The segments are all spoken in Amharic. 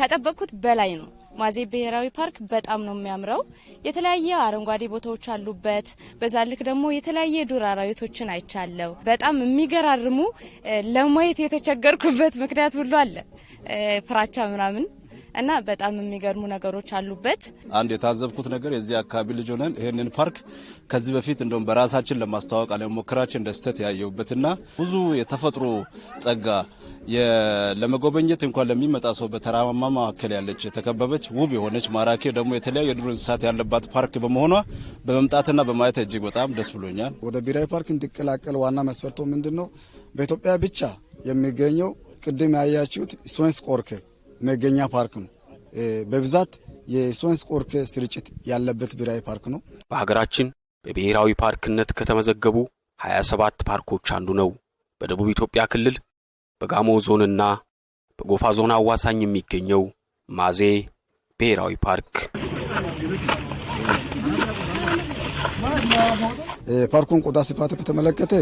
ከጠበቅኩት በላይ ነው። ማዜ ብሔራዊ ፓርክ በጣም ነው የሚያምረው። የተለያየ አረንጓዴ ቦታዎች አሉበት። በዛ ልክ ደግሞ የተለያየ ዱር አራዊቶችን አይቻለው። በጣም የሚገራርሙ ለማየት የተቸገርኩበት ምክንያት ሁሉ አለ ፍራቻ ምናምን እና በጣም የሚገርሙ ነገሮች አሉበት። አንድ የታዘብኩት ነገር የዚህ አካባቢ ልጅ ሆነን ይህንን ፓርክ ከዚህ በፊት እንደውም በራሳችን ለማስተዋወቅ አለመሞከራችን እንደ ስህተት ያየሁበትና ብዙ የተፈጥሮ ጸጋ ለመጎበኘት እንኳን ለሚመጣ ሰው በተራማማ መካከል ያለች የተከበበች ውብ የሆነች ማራኪ ደግሞ የተለያዩ የዱር እንስሳት ያለባት ፓርክ በመሆኗ በመምጣትና በማየት እጅግ በጣም ደስ ብሎኛል። ወደ ብሔራዊ ፓርክ እንዲቀላቀል ዋና መስፈርቶ ምንድን ነው? በኢትዮጵያ ብቻ የሚገኘው ቅድም ያያችሁት ሶንስ ቆርኬ መገኛ ፓርክ ነው። በብዛት የስዋንስ ቆርክ ስርጭት ያለበት ብሔራዊ ፓርክ ነው። በሀገራችን በብሔራዊ ፓርክነት ከተመዘገቡ 27 ፓርኮች አንዱ ነው። በደቡብ ኢትዮጵያ ክልል በጋሞ ዞንና በጎፋ ዞን አዋሳኝ የሚገኘው ማዜ ብሔራዊ ፓርክ ፓርኩን ቆዳ ስፋት በተመለከተ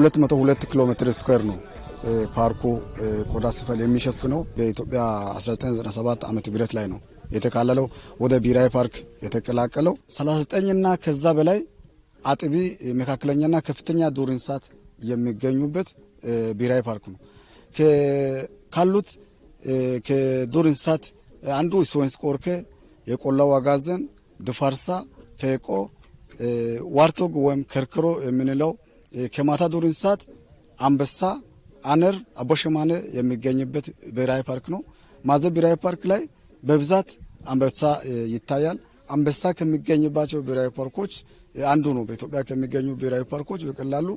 202 ኪሎ ሜትር ስኩዌር ነው። ፓርኩ ቆዳ ስፈል የሚሸፍነው በኢትዮጵያ 1997 ዓመተ ምህረት ላይ ነው የተካለለው ወደ ብሔራዊ ፓርክ የተቀላቀለው 39ና ከዛ በላይ አጥቢ መካከለኛና ከፍተኛ ዱር እንስሳት የሚገኙበት ብሔራዊ ፓርክ ነው። ካሉት ከዱር እንስሳት አንዱ ስወንስ ቆርኬ፣ የቆላው አጋዘን፣ ድፋርሳ፣ ፌቆ፣ ዋርቶግ ወይም ከርክሮ የምንለው ከማታ ዱር እንስሳት አንበሳ አነር አቦሸማነ የሚገኝበት ብሔራዊ ፓርክ ነው። ማዘ ብሔራዊ ፓርክ ላይ በብዛት አንበሳ ይታያል። አንበሳ ከሚገኝባቸው ብሔራዊ ፓርኮች አንዱ ነው። በኢትዮጵያ ከሚገኙ ብሔራዊ ፓርኮች በቀላሉ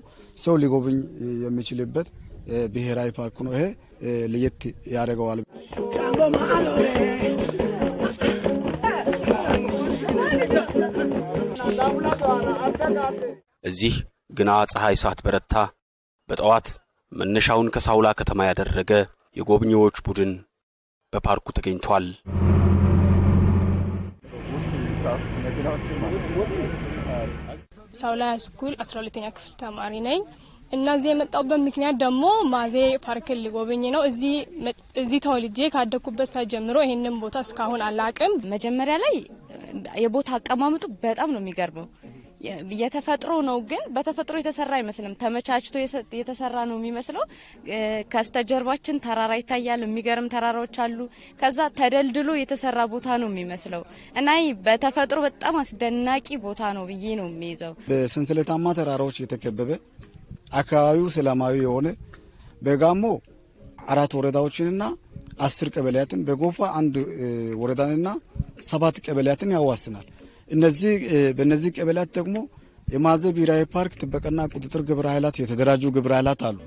ሰው ሊጎብኝ የሚችልበት ብሔራዊ ፓርክ ነው። ይሄ ለየት ያደርገዋል። እዚህ ግና ፀሐይ በረታ በጠዋት መነሻውን ከሳውላ ከተማ ያደረገ የጎብኚዎች ቡድን በፓርኩ ተገኝቷል። ሳውላ ስኩል 12 ሁለተኛ ክፍል ተማሪ ነኝ እና እዚህ የመጣሁበት ምክንያት ደግሞ ማዜ ፓርክን ሊጎበኝ ነው። እዚህ ተወልጄ ካደኩበት ሳ ጀምሮ ይህንን ቦታ እስካሁን አላቅም። መጀመሪያ ላይ የቦታ አቀማመጡ በጣም ነው የሚገርመው። የተፈጥሮ ነው፣ ግን በተፈጥሮ የተሰራ አይመስልም። ተመቻችቶ የተሰራ ነው የሚመስለው። ከስተጀርባችን ተራራ ይታያል። የሚገርም ተራራዎች አሉ። ከዛ ተደልድሎ የተሰራ ቦታ ነው የሚመስለው እና በተፈጥሮ በጣም አስደናቂ ቦታ ነው ብዬ ነው የሚይዘው። በሰንሰለታማ ተራራዎች የተከበበ አካባቢው ሰላማዊ የሆነ በጋሞ አራት ወረዳዎችንና አስር ቀበሌያትን በጎፋ አንድ ወረዳንና ሰባት ቀበሌያትን ያዋስናል። እነዚህ በእነዚህ ቀበሌያት ደግሞ የማዘ ብሔራዊ ፓርክ ጥበቃና ቁጥጥር ግብረ ኃይላት የተደራጁ ግብረ ኃይላት አሉ።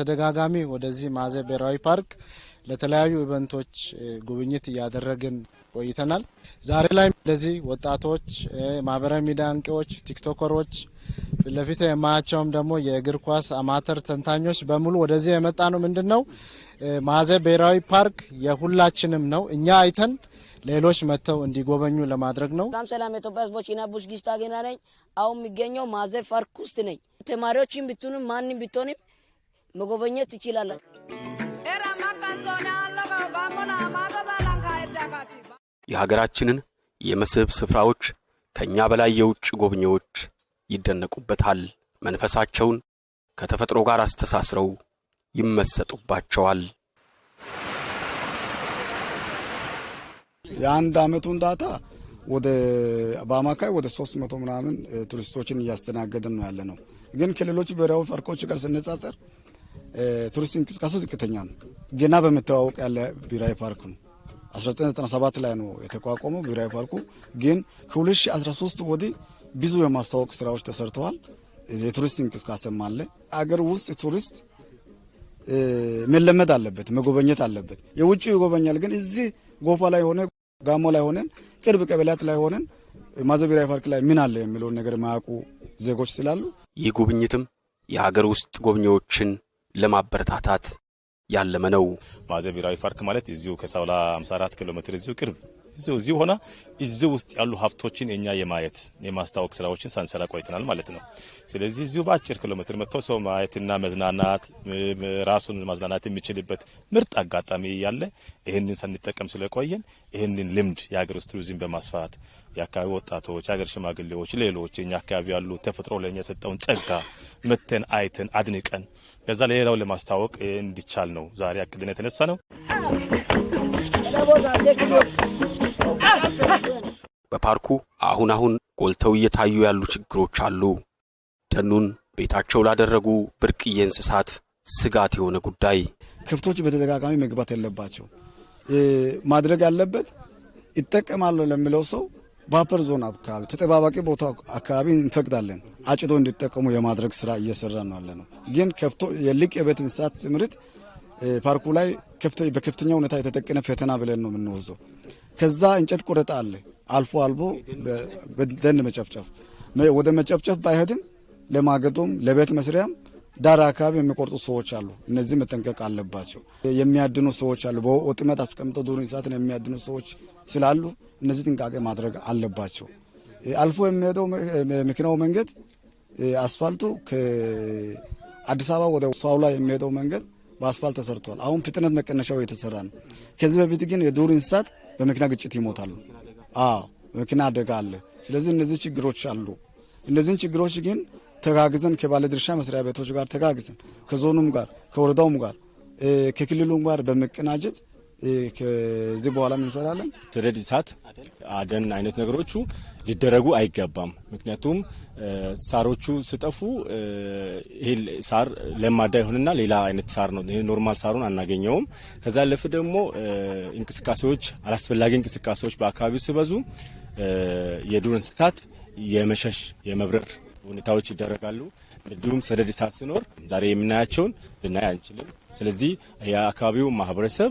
ተደጋጋሚ ወደዚህ ማዘ ብሔራዊ ፓርክ ለተለያዩ ኢቨንቶች ጉብኝት እያደረግን ቆይተናል። ዛሬ ላይ እንደዚህ ወጣቶች፣ ማህበራዊ ሚዲያ አንቂዎች፣ ቲክቶከሮች ለፊት የማያቸውም ደግሞ የእግር ኳስ አማተር ተንታኞች በሙሉ ወደዚህ የመጣ ነው። ምንድን ነው ማዘ ብሔራዊ ፓርክ የሁላችንም ነው። እኛ አይተን ሌሎች መጥተው እንዲጎበኙ ለማድረግ ነው። ሰላም ሰላም፣ የኢትዮጵያ ህዝቦች፣ ኢናቡሽ ጊስታ ገና ነኝ። አሁን የሚገኘው ማዘ ፓርክ ውስጥ ነኝ። ተማሪዎችን ብትሆንም ማንም ብትሆንም መጎበኘት ይችላለን። የሀገራችንን የመስህብ ስፍራዎች ከእኛ በላይ የውጭ ጎብኚዎች ይደነቁበታል። መንፈሳቸውን ከተፈጥሮ ጋር አስተሳስረው ይመሰጡባቸዋል። የአንድ አመቱን ዳታ ወደ በአማካይ ወደ ሶስት መቶ ምናምን ቱሪስቶችን እያስተናገድን ነው ያለ ነው። ግን ከሌሎቹ ብሔራዊ ፓርኮች ጋር ስነጻጸር ቱሪስት እንቅስቃሴ ዝቅተኛ ነው። ገና በመተዋወቅ ያለ ብሔራዊ ፓርክ ነው። 1997 ላይ ነው የተቋቋመው ብሔራዊ ፓርኩ። ግን ከ2013 ወዲህ ብዙ የማስታወቅ ስራዎች ተሰርተዋል። የቱሪስት እንቅስቃሴም አለ። አገር ውስጥ ቱሪስት መለመድ አለበት፣ መጎበኘት አለበት። የውጭ ይጎበኛል፣ ግን እዚህ ጎፋ ላይ ሆነ ጋሞ ላይ ሆነን ቅርብ ቀበሌያት ላይ ሆነን ማዘ ብሔራዊ ፓርክ ላይ ምን አለ የሚለውን ነገር ማያውቁ ዜጎች ስላሉ ይህ ጉብኝትም የሀገር ውስጥ ጎብኚዎችን ለማበረታታት ያለመ ነው። ማዘ ብሔራዊ ፓርክ ማለት እዚሁ ከሳውላ 54 ኪሎ ሜትር እዚሁ ቅርብ እዚሁ እዚሁ ሆና እዚሁ ውስጥ ያሉ ሀብቶችን እኛ የማየት የማስታወቅ ስራዎችን ሳንሰራ ቆይተናል ማለት ነው። ስለዚህ እዚሁ በአጭር ኪሎ ሜትር መጥቶ ሰው ማየትና መዝናናት ራሱን ማዝናናት የሚችልበት ምርጥ አጋጣሚ ያለ ይህንን ሳንጠቀም ስለቆየን ይህንን ልምድ የሀገር ውስጥ ቱሪዝም በማስፋት የአካባቢ ወጣቶች፣ የሀገር ሽማግሌዎች፣ ሌሎች እኛ አካባቢ ያሉ ተፈጥሮ ለኛ የሰጠውን ጸጋ መተን አይተን አድንቀን ከዛ ለሌላው ለማስታወቅ እንዲቻል ነው ዛሬ አቅድን የተነሳ ነው። በፓርኩ አሁን አሁን ጎልተው እየታዩ ያሉ ችግሮች አሉ። ደኑን ቤታቸው ላደረጉ ብርቅዬ እንስሳት ስጋት የሆነ ጉዳይ። ከብቶች በተደጋጋሚ መግባት ያለባቸው ማድረግ ያለበት ይጠቀማለሁ ለሚለው ሰው ባፐር ዞን አካባቢ ተጠባባቂ ቦታ አካባቢ እንፈቅዳለን አጭዶ እንዲጠቀሙ የማድረግ ስራ እየሰራ ነው ያለ ነው። ግን ከብቶ የልቅ የቤት እንስሳት ስምሪት ፓርኩ ላይ በከፍተኛ ሁኔታ የተጠቀነ ፈተና ብለን ነው የምንወዘው። ከዛ እንጨት ቁረጣ አለ። አልፎ አልፎ በደን መጨፍጨፍ ወደ መጨፍጨፍ ባይሄድም ለማገዶም ለቤት መስሪያም ዳር አካባቢ የሚቆርጡ ሰዎች አሉ። እነዚህ መጠንቀቅ አለባቸው። የሚያድኑ ሰዎች አሉ። በወጥመት አስቀምጠው ዱር እንስሳትን የሚያድኑ ሰዎች ስላሉ እነዚህ ጥንቃቄ ማድረግ አለባቸው። አልፎ የሚሄደው መኪናው መንገድ አስፋልቱ ከአዲስ አበባ ወደ ሳውላ የሚሄደው መንገድ በአስፋልት ተሰርቷል። አሁን ፍጥነት መቀነሻው የተሰራ ነው። ከዚህ በፊት ግን የዱር እንስሳት በመኪና ግጭት ይሞታሉ። አዎ በመኪና አደጋ አለ። ስለዚህ እነዚህ ችግሮች አሉ። እነዚህን ችግሮች ግን ተጋግዘን ከባለድርሻ መስሪያ ቤቶች ጋር ተጋግዘን ከዞኑም ጋር ከወረዳውም ጋር ከክልሉም ጋር በመቀናጀት ከዚህ በኋላ ምን እንሰራለን። ሰደድ እሳት፣ አደን አይነት ነገሮቹ ሊደረጉ አይገባም። ምክንያቱም ሳሮቹ ስጠፉ ይሄ ሳር ለማዳ ይሆንና ሌላ አይነት ሳር ነው። ኖርማል ሳሩን አናገኘውም። ከዛ ለፍ ደግሞ እንቅስቃሴዎች፣ አላስፈላጊ እንቅስቃሴዎች በአካባቢው ሲበዙ የዱር እንስሳት የመሸሽ የመብረር ሁኔታዎች ይደረጋሉ። እንዲሁም ሰደድ እሳት ሲኖር ዛሬ የምናያቸውን ልናይ አንችልም። ስለዚህ የአካባቢው ማህበረሰብ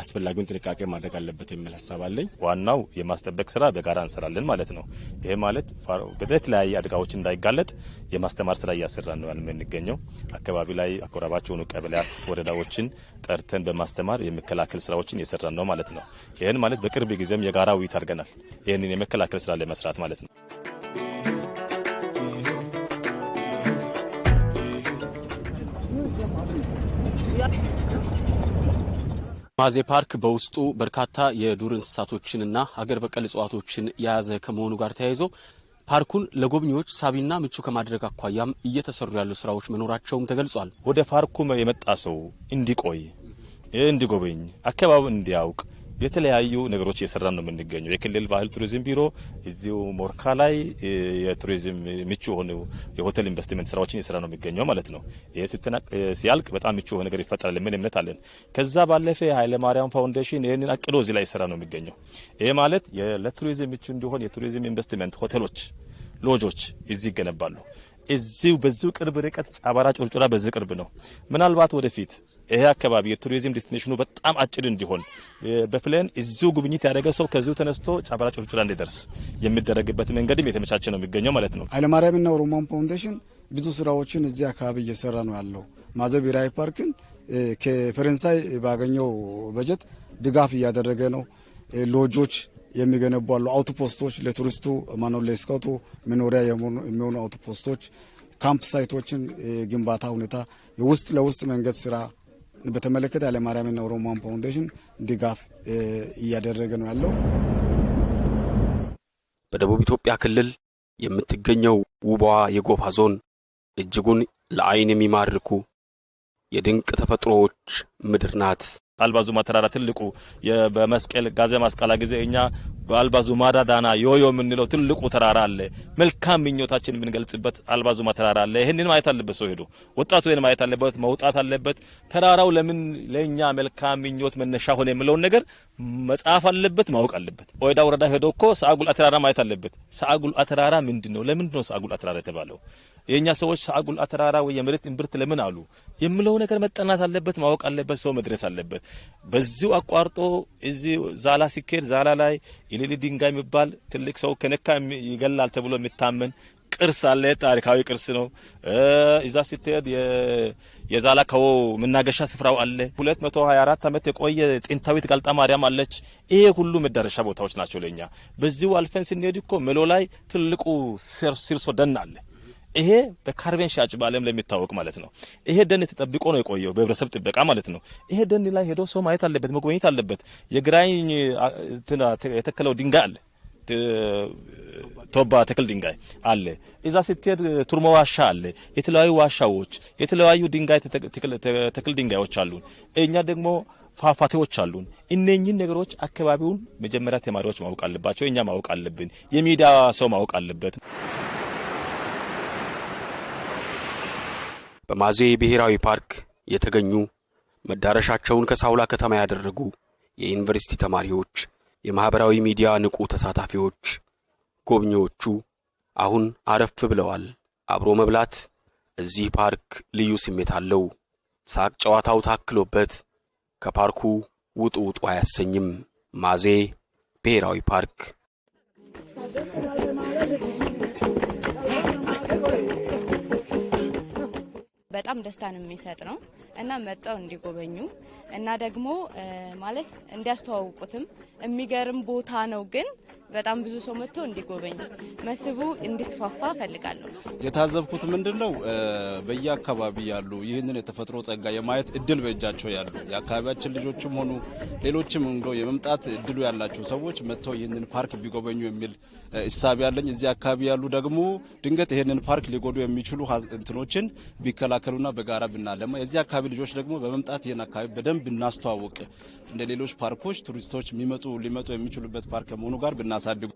አስፈላጊውን ጥንቃቄ ማድረግ አለበት የሚል ሀሳብ አለኝ። ዋናው የማስጠበቅ ስራ በጋራ እንሰራለን ማለት ነው። ይሄ ማለት በተለያየ አደጋዎች እንዳይጋለጥ የማስተማር ስራ እያሰራ ነው የምንገኘው። አካባቢ ላይ አጎራባች የሆኑ ቀበሌያት፣ ወረዳዎችን ጠርተን በማስተማር የመከላከል ስራዎችን እየሰራ ነው ማለት ነው። ይህን ማለት በቅርብ ጊዜም የጋራ ውይይት አድርገናል። ይህንን የመከላከል ስራ ለመስራት ማለት ነው። ማዜ ፓርክ በውስጡ በርካታ የዱር እንስሳቶችንና ሀገር በቀል እጽዋቶችን የያዘ ከመሆኑ ጋር ተያይዞ ፓርኩን ለጎብኚዎች ሳቢና ምቹ ከማድረግ አኳያም እየተሰሩ ያሉ ስራዎች መኖራቸውም ተገልጿል። ወደ ፓርኩ የመጣ ሰው እንዲቆይ፣ እንዲጎበኝ፣ አካባቢ እንዲያውቅ የተለያዩ ነገሮች እየሰራን ነው የምንገኘው። የክልል ባህል ቱሪዝም ቢሮ እዚሁ ሞርካ ላይ የቱሪዝም ምቹ የሆኑ የሆቴል ኢንቨስትመንት ስራዎችን እየሰራ ነው የሚገኘው ማለት ነው። ይህ ሲያልቅ በጣም ምቹ የሆነ ነገር ይፈጠራል የሚል እምነት አለን። ከዛ ባለፈ የኃይለማርያም ፋውንዴሽን ይህንን አቅዶ እዚህ ላይ እየሰራ ነው የሚገኘው። ይህ ማለት ለቱሪዝም ምቹ እንዲሆን የቱሪዝም ኢንቨስትመንት ሆቴሎች፣ ሎጆች እዚህ ይገነባሉ። እዚሁ በዚሁ ቅርብ ርቀት ጫባራ ጩርጩራ በዚህ ቅርብ ነው። ምናልባት ወደፊት ይህ አካባቢ የቱሪዝም ዴስቲኔሽኑ በጣም አጭር እንዲሆን በፕሌን እዚሁ ጉብኝት ያደረገ ሰው ከዚሁ ተነስቶ ጫፈራ ጩርጩራ እንዲደርስ የሚደረግበት መንገድም የተመቻቸ ነው የሚገኘው ማለት ነው። ኃይለማርያምና ኦሮሞን ፋውንዴሽን ብዙ ስራዎችን እዚህ አካባቢ እየሰራ ነው ያለው። ማዘብ ብሔራዊ ፓርክን ከፈረንሳይ ባገኘው በጀት ድጋፍ እያደረገ ነው። ሎጆች የሚገነቡ አሉ። አውቶፖስቶች ለቱሪስቱ ማነው ለስካውቱ መኖሪያ የሚሆኑ አውቶፖስቶች፣ ካምፕ ሳይቶችን ግንባታ ሁኔታ፣ የውስጥ ለውስጥ መንገድ ስራ በተመለከተ ኃይለማርያምና ኦሮሞን ፋውንዴሽን ድጋፍ እያደረገ ነው ያለው። በደቡብ ኢትዮጵያ ክልል የምትገኘው ውቧ የጎፋ ዞን እጅጉን ለአይን የሚማርኩ የድንቅ ተፈጥሮዎች ምድር ናት። አልባዙ ማተራራ ትልቁ በመስቀል ጋዜ ማስቃላ ጊዜ እኛ አልባዙ ማዳዳና ዮዮ የምንለው ትልቁ ተራራ አለ። መልካም ምኞታችን የምንገልጽበት አልባዙ ማተራራ አለ። ይህንን ማየት አለበት ሰው ሄዶ ወጣቱ ይህን ማየት አለበት፣ መውጣት አለበት። ተራራው ለምን ለእኛ መልካም ምኞት መነሻ ሆነ የምለውን ነገር መጻፍ አለበት፣ ማወቅ አለበት። ወይዳ ወረዳ ሄዶ እኮ ሰአጉል አተራራ ማየት አለበት። ሰአጉል አተራራ ምንድን ነው? ለምንድን ነው ሰአጉል አተራራ የተባለው? የእኛ ሰዎች አጉል አተራራ ወይ የመሬት እምብርት ለምን አሉ የምለው ነገር መጠናት አለበት፣ ማወቅ አለበት፣ ሰው መድረስ አለበት። በዚሁ አቋርጦ እዚ ዛላ ሲኬድ ዛላ ላይ የሌሊ ድንጋይ የሚባል ትልቅ ሰው ከነካ ይገላል ተብሎ የሚታመን ቅርስ አለ። ታሪካዊ ቅርስ ነው። እዛ ስትሄድ የዛላ ከው መናገሻ ስፍራው አለ። 224 ዓመት የቆየ ጥንታዊት ገልጣ ማርያም አለች። ይሄ ሁሉ መዳረሻ ቦታዎች ናቸው ለኛ። በዚሁ አልፈን ስንሄድ እኮ መሎ ላይ ትልቁ ሲርሶ ደን አለ። ይሄ በካርቤን ሻጭ በዓለም ላይ የሚታወቅ ማለት ነው። ይሄ ደን ተጠብቆ ነው የቆየው በህብረተሰብ ጥበቃ ማለት ነው። ይሄ ደን ላይ ሄዶ ሰው ማየት አለበት፣ መጎብኘት አለበት። የግራኝ የተከለው ድንጋይ አለ ቶባ ተክል ድንጋይ አለ። እዛ ስትሄድ ቱርሞ ዋሻ አለ። የተለያዩ ዋሻዎች፣ የተለያዩ ድንጋይ ተክል ድንጋዮች አሉን። እኛ ደግሞ ፏፏቴዎች አሉን። እነኚህን ነገሮች አካባቢውን መጀመሪያ ተማሪዎች ማወቅ አለባቸው። እኛ ማወቅ አለብን። የሚዲያ ሰው ማወቅ አለበት። በማዜ ብሔራዊ ፓርክ የተገኙ መዳረሻቸውን ከሳውላ ከተማ ያደረጉ የዩኒቨርሲቲ ተማሪዎች፣ የማኅበራዊ ሚዲያ ንቁ ተሳታፊዎች፣ ጎብኚዎቹ አሁን አረፍ ብለዋል። አብሮ መብላት እዚህ ፓርክ ልዩ ስሜት አለው። ሳቅ ጨዋታው ታክሎበት ከፓርኩ ውጡ ውጡ አያሰኝም። ማዜ ብሔራዊ ፓርክ በጣም ደስታን የሚሰጥ ነው እና መጣው እንዲጎበኙ እና ደግሞ ማለት እንዲያስተዋውቁትም የሚገርም ቦታ ነው ግን በጣም ብዙ ሰው መጥቶ እንዲጎበኝ መስህቡ እንዲስፋፋ እፈልጋለሁ። የታዘብኩት ምንድን ነው በየአካባቢ ያሉ ይህንን የተፈጥሮ ጸጋ የማየት እድል በእጃቸው ያሉ የአካባቢያችን ልጆችም ሆኑ ሌሎችም እንዶ የመምጣት እድሉ ያላቸው ሰዎች መጥተው ይህንን ፓርክ ቢጎበኙ የሚል እሳቢ ያለኝ። እዚህ አካባቢ ያሉ ደግሞ ድንገት ይህንን ፓርክ ሊጎዱ የሚችሉ እንትኖችን ቢከላከሉና በጋራ ብናለማ፣ የዚህ አካባቢ ልጆች ደግሞ በመምጣት ይህን አካባቢ በደንብ ብናስተዋውቅ እንደ ሌሎች ፓርኮች ቱሪስቶች የሚመጡ ሊመጡ የሚችሉበት ፓርክ ከመሆኑ ጋር ብና አሳድጉ።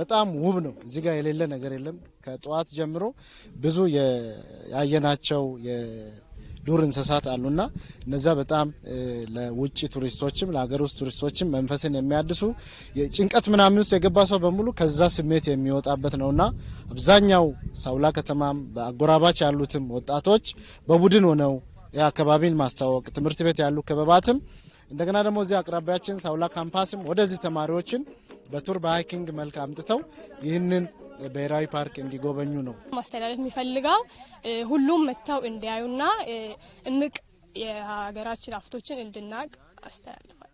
በጣም ውብ ነው። እዚህ ጋር የሌለ ነገር የለም። ከጠዋት ጀምሮ ብዙ ያየናቸው ዱር እንስሳት አሉና እነዛ በጣም ለውጭ ቱሪስቶችም ለሀገር ውስጥ ቱሪስቶችም መንፈስን የሚያድሱ ጭንቀት ምናምን ውስጥ የገባ ሰው በሙሉ ከዛ ስሜት የሚወጣበት ነውና አብዛኛው ሳውላ ከተማም በአጎራባች ያሉትም ወጣቶች በቡድን ሆነው የአካባቢን ማስተዋወቅ ትምህርት ቤት ያሉ ክበባትም እንደገና ደግሞ እዚህ አቅራቢያችን ሳውላ ካምፓስም ወደዚህ ተማሪዎችን በቱር በሃይኪንግ መልክ አምጥተው ይህንን ብሔራዊ ፓርክ እንዲጎበኙ ነው ማስተላለፍ የሚፈልገው። ሁሉም መጥተው እንዲያዩና እምቅ የሀገራችን ሀብቶችን እንድናቅ አስተላልፋለሁ።